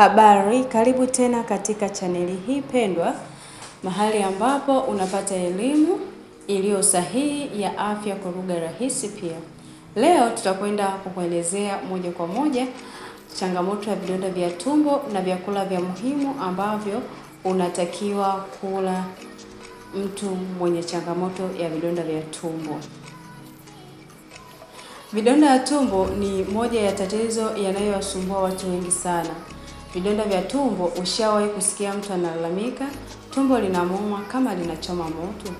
Habari, karibu tena katika chaneli hii pendwa, mahali ambapo unapata elimu iliyo sahihi ya afya kwa lugha rahisi. Pia leo tutakwenda kukuelezea moja kwa moja changamoto ya vidonda vya tumbo na vyakula vya muhimu ambavyo unatakiwa kula mtu mwenye changamoto ya vidonda vya tumbo. Vidonda ya tumbo ni moja ya tatizo yanayowasumbua watu wengi sana Vidonda vya tumbo, ushawahi kusikia mtu analalamika tumbo linamuuma kama linachoma moto,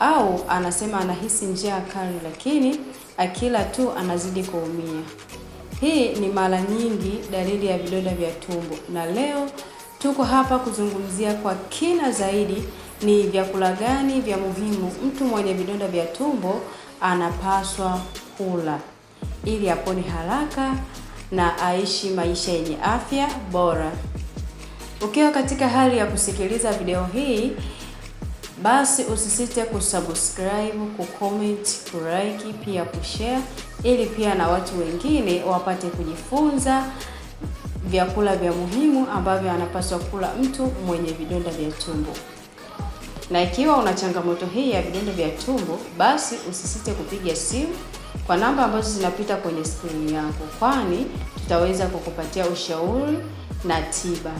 au anasema anahisi njaa kali, lakini akila tu anazidi kuumia? Hii ni mara nyingi dalili ya vidonda vya tumbo, na leo tuko hapa kuzungumzia kwa kina zaidi ni vyakula gani vya muhimu mtu mwenye vidonda vya tumbo anapaswa kula ili apone haraka na aishi maisha yenye afya bora. Ukiwa katika hali ya kusikiliza video hii, basi usisite kusubscribe, kucomment, kulike, pia kushare ili pia na watu wengine wapate kujifunza vyakula vya muhimu ambavyo anapaswa kula mtu mwenye vidonda vya tumbo. Na ikiwa una changamoto hii ya vidonda vya tumbo, basi usisite kupiga simu kwa namba ambazo zinapita kwenye skrini yako, kwani tutaweza kukupatia ushauri na tiba.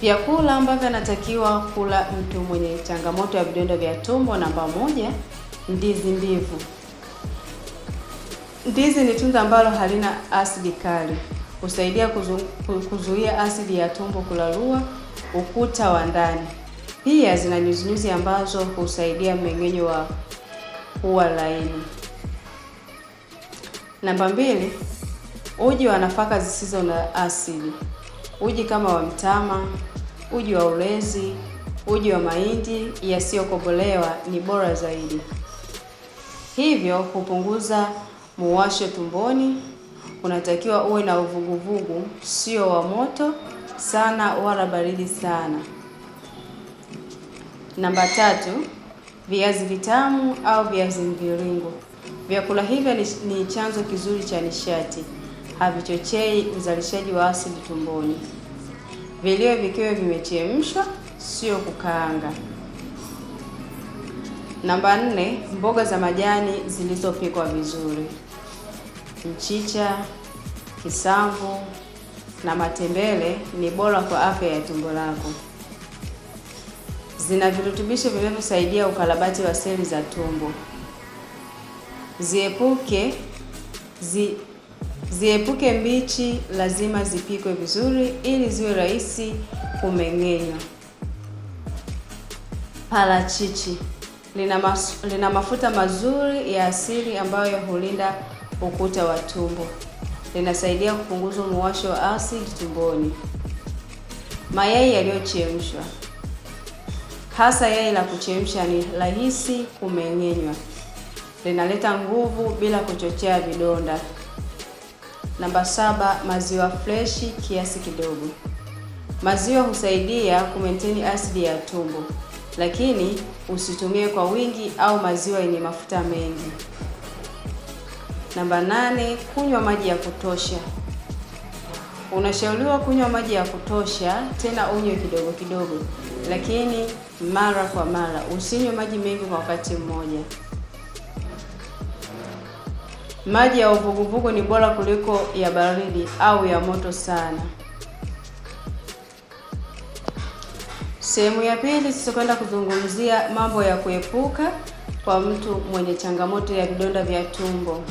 Vyakula ambavyo anatakiwa kula mtu mwenye changamoto ya vidonda vya tumbo, namba moja, ndizi mbivu. Ndizi ni tunda ambalo halina asidi kali, husaidia kuzu, kuzuia asidi ya tumbo kulalua ukuta wa ndani. Pia zina nyuzinyuzi ambazo husaidia mmeng'enyo wa kuwa laini. Namba mbili, uji wa nafaka zisizo na asidi. Uji kama wa mtama, uji wa ulezi, uji wa mahindi yasiyokobolewa ni bora zaidi, hivyo hupunguza muwasho tumboni. Unatakiwa uwe na uvuguvugu, sio wa moto sana wala baridi sana. Namba tatu, viazi vitamu au viazi mviringo. Vyakula hivyo ni, ni chanzo kizuri cha nishati, havichochei uzalishaji wa asidi tumboni. Viliwe vikiwa vimechemshwa, sio kukaanga. Namba nne, mboga za majani zilizopikwa vizuri, mchicha, kisamvu na matembele ni bora kwa afya ya tumbo lako. Zina virutubisho vinavyosaidia ukarabati wa seli za tumbo. Ziepuke zi, ziepuke mbichi, lazima zipikwe vizuri ili ziwe rahisi kumeng'enywa. Parachichi lina, mas, lina mafuta mazuri ya asili ambayo hulinda ukuta wa tumbo linasaidia kupunguza muwasho wa asidi tumboni. Mayai yaliyochemshwa, hasa yai la kuchemsha, ni rahisi kumeng'enywa, linaleta nguvu bila kuchochea vidonda. Namba saba, maziwa freshi kiasi kidogo. Maziwa husaidia kumaintain asidi ya tumbo, lakini usitumie kwa wingi au maziwa yenye mafuta mengi. Namba nane, kunywa maji ya kutosha. Unashauriwa kunywa maji ya kutosha, tena unywe kidogo kidogo, lakini mara kwa mara. Usinywe maji mengi kwa wakati mmoja. Maji ya uvuguvugu ni bora kuliko ya baridi au ya moto sana. Sehemu ya pili kwenda kuzungumzia mambo ya kuepuka kwa mtu mwenye changamoto ya vidonda vya tumbo.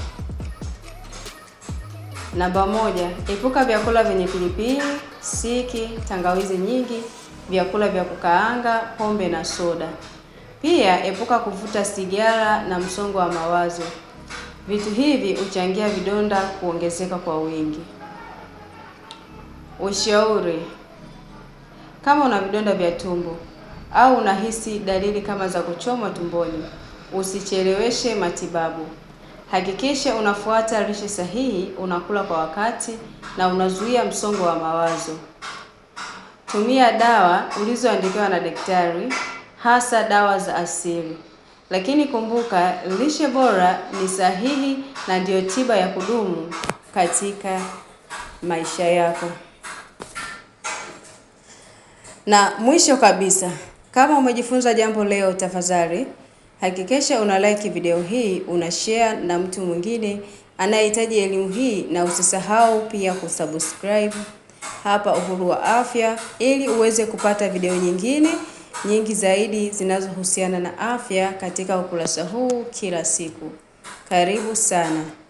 Namba moja, epuka vyakula vyenye pilipili, siki, tangawizi nyingi, vyakula vya kukaanga, pombe na soda. Pia epuka kuvuta sigara na msongo wa mawazo. Vitu hivi huchangia vidonda kuongezeka kwa wingi. Ushauri: kama una vidonda vya tumbo au unahisi dalili kama za kuchomwa tumboni, usicheleweshe matibabu. Hakikisha unafuata lishe sahihi, unakula kwa wakati na unazuia msongo wa mawazo. Tumia dawa ulizoandikiwa na daktari, hasa dawa za asili. Lakini kumbuka, lishe bora ni sahihi na ndiyo tiba ya kudumu katika maisha yako. Na mwisho kabisa, kama umejifunza jambo leo, tafadhali Hakikisha una like video hii, una share na mtu mwingine anayehitaji elimu hii, na usisahau pia kusubscribe hapa Uhuru wa Afya ili uweze kupata video nyingine nyingi zaidi zinazohusiana na afya katika ukurasa huu kila siku. Karibu sana.